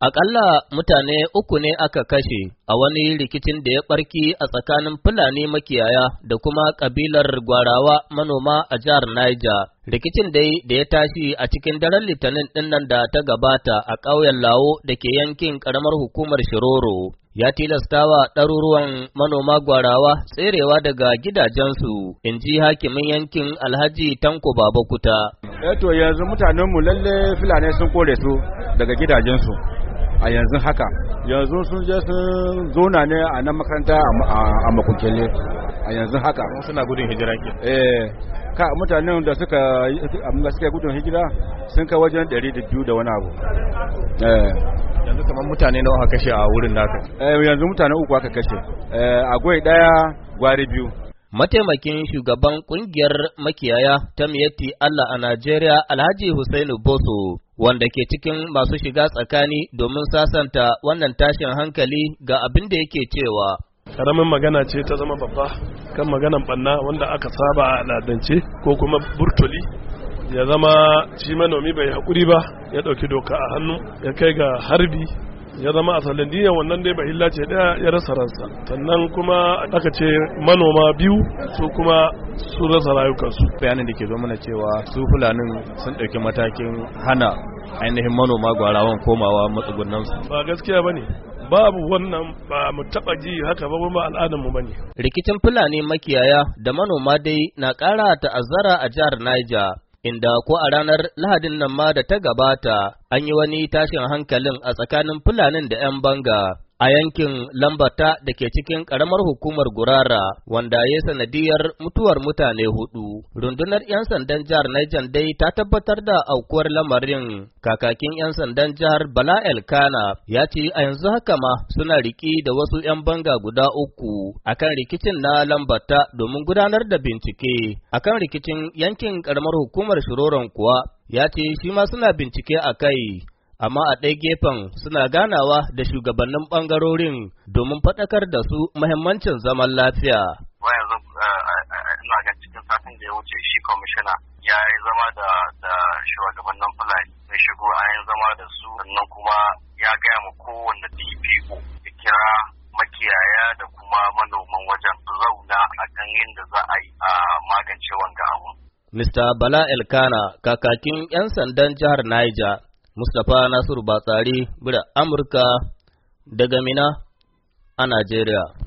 Aƙalla mutane uku ne aka kashe a wani rikicin da ya ɓarki a tsakanin Fulani makiyaya da kuma ƙabilar Gwarawa manoma a jihar Niger. Rikicin dai da ya tashi a cikin daren Litinin ɗinnan da ta gabata a ƙauyen Lawo da ke yankin ƙaramar hukumar Shiroro. Ya tilastawa ɗaruruwan manoma gwarawa tserewa daga gidajensu, in ji hakimin yankin Alhaji Tanko Babakuta. Eto eh yanzu mutanenmu lalle Fulani sun kore su daga gidajensu. a yanzu haka yanzu sun je sun zona ne a nan makaranta a makunkele a yanzu haka suna gudun hijira ke eh ka mutanen da suka amma suka gudun hijira sun kai wajen 200 da wani abu eh yanzu kamar mutane nawa aka kashe a wurin naka eh yanzu mutane uku aka kashe eh agwai daya gwari biyu Mataimakin shugaban kungiyar makiyaya ta miyatti Allah a Najeriya Alhaji Hussainu Boso wanda ke cikin masu shiga tsakani domin sasanta wannan tashin hankali ga abin da yake cewa. Karamin magana ce ta zama babba kan maganan banna wanda aka saba a al'adance ko kuma burtuli ya zama shi manomi bai hakuri ba ya ɗauki doka a hannu ya kai ga harbi ya zama a sanadiyyar wannan dai bahilla ce daya ya rasa ransa sannan kuma aka ce manoma biyu su kuma su rasa rayukansu bayanin da ke zo mana cewa su fulanin sun ɗauki matakin hana ainihin manoma gwarawan komawa matsugunansu ba gaskiya bane babu wannan ba mu taba ji haka ba ba al'adar ba? ne rikicin fulani makiyaya da manoma dai na ƙara ta'azzara a jihar Niger inda ko a ranar Lahadin nan ma da ta gabata an yi wani tashin hankalin a tsakanin fulanin da 'yan banga a yankin lambata da ke cikin ƙaramar hukumar gurara wanda ya yi sanadiyar mutuwar mutane hudu. Rundunar 'yan sandan jihar Niger dai ta tabbatar da aukuwar lamarin kakakin 'yan sandan jihar Bala Elkana ya ce a yanzu haka ma suna riki da wasu 'yan banga guda uku akan rikicin na lambata domin gudanar da bincike akan rikicin yankin ƙaramar hukumar Shiroron kuwa ya ce shi ma suna bincike a kai amma a ɗaya gefen suna ganawa da shugabannin ɓangarorin domin faɗakar da su muhimmancin zaman lafiya. yanzu ina ga cikin satin da ya wuce shi kwamishina ya yi zama da shugabannin fulani mai shigo a yin zama da su sannan kuma ya gaya ma kowanne DPO ya kira makiyaya da kuma manoman wajen zauna a kan yadda za a yi a magance wanga Mr. Bala Elkana, kakakin 'yan sandan jihar Niger, Mustapha Nasiru Batsari, bira Amurka daga Mina a Najeriya.